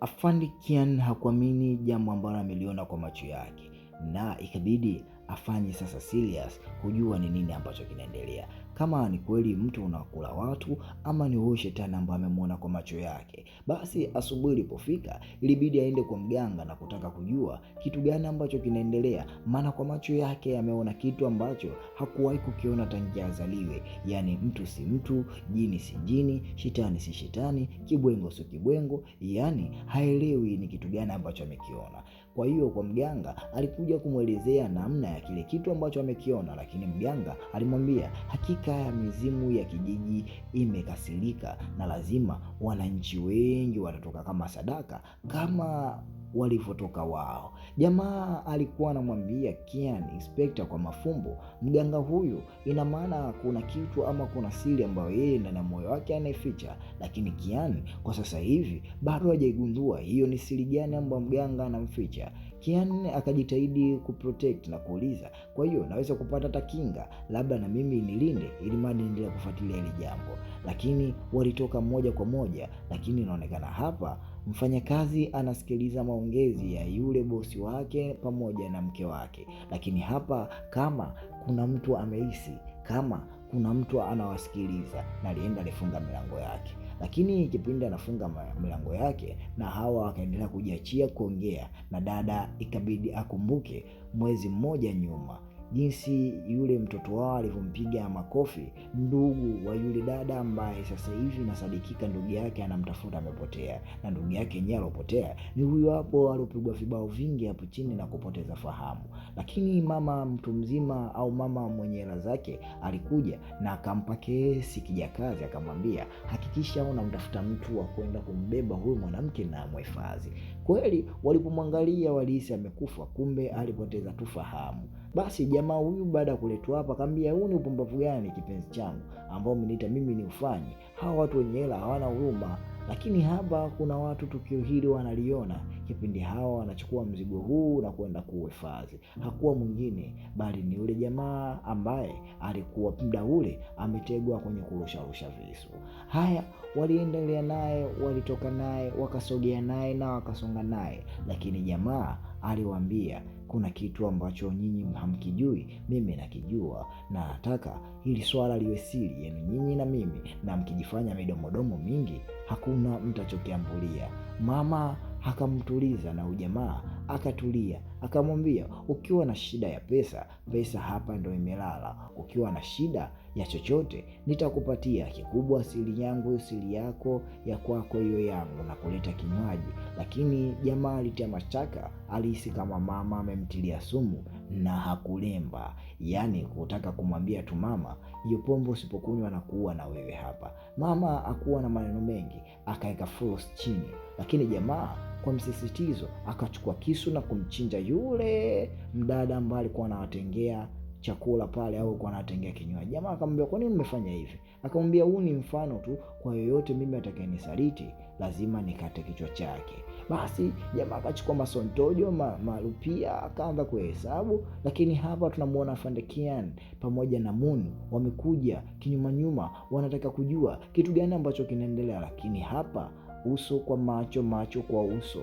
Afandi Kian hakuamini jambo ambalo ameliona kwa macho yake, na ikabidi afanye sasa serious kujua ni nini ambacho kinaendelea kama ni kweli mtu unakula watu ama ni huyu shetani ambaye amemwona kwa macho yake. Basi asubuhi ilipofika, ilibidi aende kwa mganga na kutaka kujua kitu gani ambacho kinaendelea, maana kwa macho yake ameona kitu ambacho hakuwahi kukiona tangia azaliwe. Yaani mtu si mtu, jini si jini, shetani si shetani, kibwengo sio kibwengo, yaani haelewi ni kitu gani ambacho amekiona. Kwa hiyo kwa mganga alikuja kumwelezea namna ya kile kitu ambacho amekiona, lakini mganga alimwambia hakika ya mizimu ya kijiji imekasirika na lazima wananchi wengi watatoka kama sadaka kama walivyotoka wao. Jamaa alikuwa anamwambia Kian inspekta kwa mafumbo, mganga huyu, ina maana kuna kitu ama kuna siri ambayo yeye ndani ya moyo wake anaificha, lakini Kian kwa sasa hivi bado hajaigundua hiyo ni siri gani ambayo mganga anamficha. Kian akajitahidi kuprotect na kuuliza, kwa hiyo naweza kupata hata kinga, labda na mimi nilinde, ili mradi endelea kufuatilia hili jambo. Lakini walitoka moja kwa moja, lakini inaonekana hapa Mfanyakazi anasikiliza maongezi ya yule bosi wake pamoja na mke wake, lakini hapa kama kuna mtu amehisi kama kuna mtu anawasikiliza, na alienda alifunga milango yake. Lakini kipindi anafunga milango yake na hawa wakaendelea kujiachia kuongea, na dada ikabidi akumbuke mwezi mmoja nyuma jinsi yule mtoto wao alivyompiga makofi ndugu wa yule dada ambaye sasa hivi nasadikika ndugu yake anamtafuta amepotea, na ndugu yake yenyewe alopotea ni huyo hapo alopigwa vibao vingi hapo chini na kupoteza fahamu. Lakini mama mtu mzima au mama mwenye hela zake alikuja na akampa kesi kijakazi, akamwambia hakikisha unamtafuta mtu wa kwenda kumbeba huyu mwanamke na amhifadhi. Kweli walipomwangalia walihisi amekufa, kumbe alipoteza tu fahamu. Basi jamaa huyu baada ya kuletwa hapa kaambia, huu ni upumbavu gani kipenzi changu ambao umeniita mimi niufanye? Hawa watu wenye hela hawana huruma. Lakini hapa kuna watu tukio hili wanaliona kipindi, hawa wanachukua mzigo huu na kwenda kuuhifadhi. Hakuwa mwingine bali ni yule jamaa ambaye alikuwa muda ule ametegwa kwenye kurusharusha visu. Haya, waliendelea naye, walitoka naye, wakasogea naye na wakasonga naye, lakini jamaa aliwaambia kuna kitu ambacho nyinyi hamkijui, mimi nakijua, na nataka hili swala liwe siri yenu nyinyi na mimi, na mkijifanya midomodomo mingi hakuna hakuna mtu achokiambulia. Mama akamtuliza na ujamaa akatulia, akamwambia ukiwa na shida ya pesa, pesa hapa ndo imelala. Ukiwa na shida ya chochote nitakupatia kikubwa, asili yangu sili yako ya kwako hiyo yangu, na kuleta kinywaji. Lakini jamaa alitia mashtaka, alihisi kama mama amemtilia sumu na hakulemba, yaani kutaka kumwambia tu mama, hiyo pombe usipokunywa na kuua na wewe hapa. Mama akuwa na maneno mengi, akaweka Florence chini, lakini jamaa kwa msisitizo akachukua kisu na kumchinja yule mdada ambaye alikuwa anawatengea chakula pale au alikuwa anatengea kinywaji. Jamaa akamwambia kwa nini umefanya hivi? Akamwambia huu ni mfano tu, kwa yoyote mimi atakayenisaliti lazima nikate kichwa chake. Basi jamaa akachukua masontojo ma, malupia akaanza kuhesabu, lakini hapa tunamwona Fandekian pamoja na Munu wamekuja kinyumanyuma, wanataka kujua kitu gani ambacho kinaendelea, lakini hapa uso kwa macho, macho kwa uso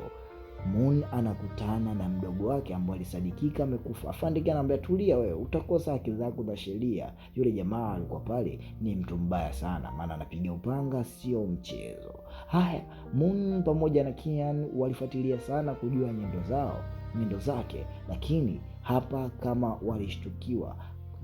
Moon anakutana na mdogo wake ambaye alisadikika amekufa. Afande Ken anamwambia tulia, wewe utakosa haki zako za sheria. Yule jamaa alikuwa pale ni mtu mbaya sana, maana anapiga upanga sio mchezo. Haya, Moon pamoja na Kian walifuatilia sana kujua nyendo zao nyendo zake, lakini hapa kama walishtukiwa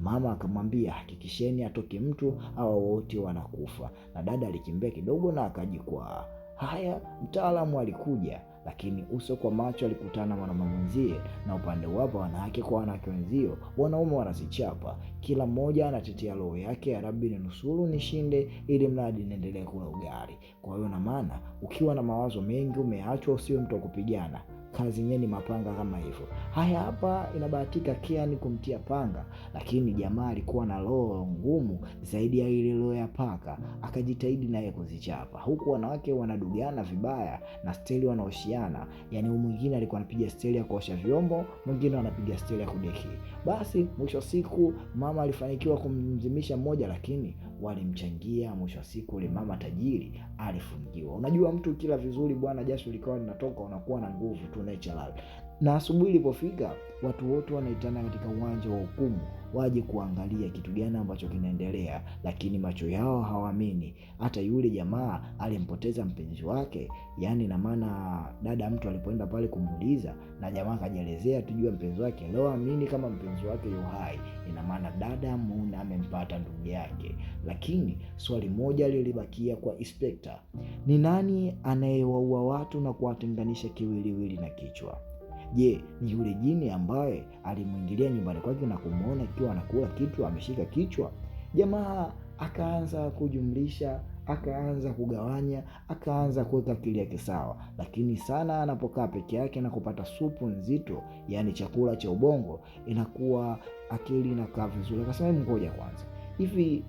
Mama akamwambia hakikisheni atoke mtu au wote wanakufa, na dada alikimbia kidogo na akajikwaa. Haya, mtaalamu alikuja lakini uso kwa macho alikutana mwanaume mwenzie, na upande wapo wanawake kwa wanawake wenzio, wanaume wanazichapa, kila mmoja anatetea roho yake, ya Rabbi ni nishinde, ili mradi niendelee kula ugali. Kwa hiyo na maana, ukiwa na mawazo mengi, umeachwa usiwe mtu wa kupigana kazi yenyewe ni mapanga kama hivyo. Haya hapa inabahatika Kian kumtia panga, lakini jamaa alikuwa na roho ngumu zaidi ya ile roho ya paka, akajitahidi naye kuzichapa, huku wanawake wanadugana vibaya na steli wanaoshiana. Yani mwingine alikuwa anapiga steli ya kuosha vyombo, mwingine anapiga steli ya kudeki. Basi mwisho siku mama alifanikiwa kumzimisha mmoja, lakini walimchangia. Mwisho siku ule mama tajiri alifungiwa. Unajua mtu kila vizuri bwana, jasho likawa linatoka, unakuwa na nguvu tu ሊሆን ይችላል። na asubuhi ilipofika, watu wote wanaitana katika uwanja wa hukumu waje kuangalia kitu gani ambacho kinaendelea, lakini macho yao hawaamini. Hata yule jamaa alimpoteza mpenzi wake, yaani na maana dada mtu alipoenda pale kumuuliza, na jamaa akajielezea tujua mpenzi wake, leo kama mpenzi wake yu hai, ina maana dada Muna amempata ndugu yake. Lakini swali moja lilibakia kwa inspekta, ni nani anayewaua watu na kuwatenganisha kiwiliwili na kichwa? Je, ni yule jini ambaye alimwingilia nyumbani kwake na kumwona ikiwa anakula kitu ameshika kichwa? Jamaa akaanza kujumlisha, akaanza kugawanya, akaanza kuweka akili yake sawa. Lakini sana anapokaa peke yake na kupata supu nzito, yaani chakula cha ubongo, inakuwa akili inakaa vizuri. Akasema ngoja kwanza, hivi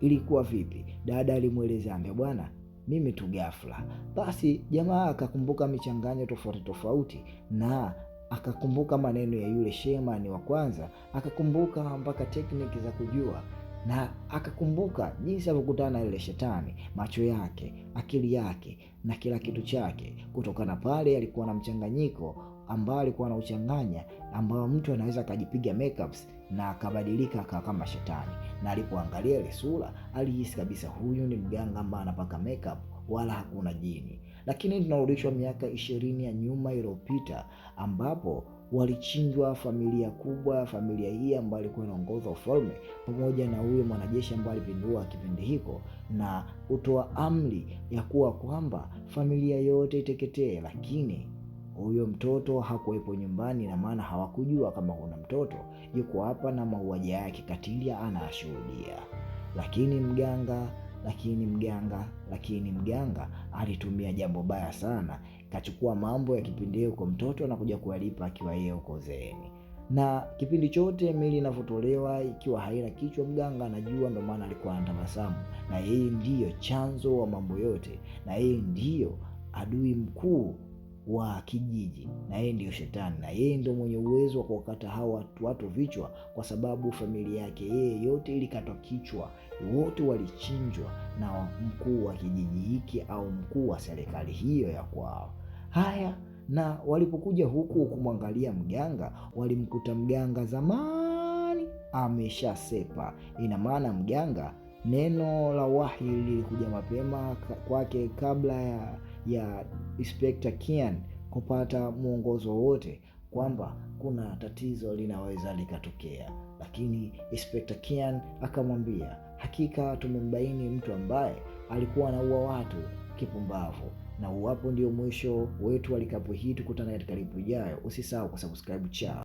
ilikuwa vipi? Dada alimweleza ambia, bwana mimi tu ghafla. Basi jamaa akakumbuka michanganyo tofauti tofauti na akakumbuka maneno ya yule shemani wa kwanza, akakumbuka mpaka tekniki za kujua na akakumbuka jinsi alivyokutana na yule shetani, macho yake, akili yake na kila kitu chake. Kutokana pale, alikuwa na mchanganyiko ambao alikuwa anauchanganya, ambao mtu anaweza akajipiga makeups na akabadilika akawa kama shetani, na alipoangalia ile sura alihisi kabisa huyu ni mganga ambaye anapaka makeup, wala hakuna jini. Lakini tunarudishwa miaka ishirini ya nyuma iliyopita ambapo walichinjwa familia kubwa, familia hii ambayo ilikuwa inaongoza ufalme pamoja na huyo mwanajeshi ambaye alipindua kipindi hiko na kutoa amri ya kuwa kwamba familia yote iteketee, lakini huyo mtoto hakuwepo nyumbani, na maana hawakujua kama kuna mtoto yuko hapa na mauaji yake katilia anashuhudia Lakini mganga lakini mganga lakini mganga alitumia jambo baya sana, kachukua mambo ya kipindi huko mtoto na kuja kuwalipa akiwa yeye huko zeeni na kipindi chote mili inavyotolewa ikiwa haina kichwa, mganga anajua. Ndio maana alikuwa anatabasamu, na yeye ndiyo chanzo wa mambo yote, na yeye ndiyo adui mkuu wa kijiji, na yeye ndiyo shetani, na yeye ndio mwenye uwezo wa kuwakata hawa watu vichwa, kwa sababu familia yake yeye yote ilikatwa kichwa, wote walichinjwa na mkuu wa kijiji hiki au mkuu wa serikali hiyo ya kwao. Haya, na walipokuja huku kumwangalia mganga, walimkuta mganga zamani ameshasepa. Ina maana mganga neno la wahi lilikuja mapema kwake kabla ya ya Inspekta Kian kupata mwongozo wowote kwamba kuna tatizo linaweza likatokea, lakini Inspekta Kian akamwambia, hakika tumembaini mtu ambaye alikuwa anaua watu kipumbavu, na uwapo ndio mwisho wetu wa likapu hii. tukutana katika lipu ijayo, usisahau kusubscribe chao.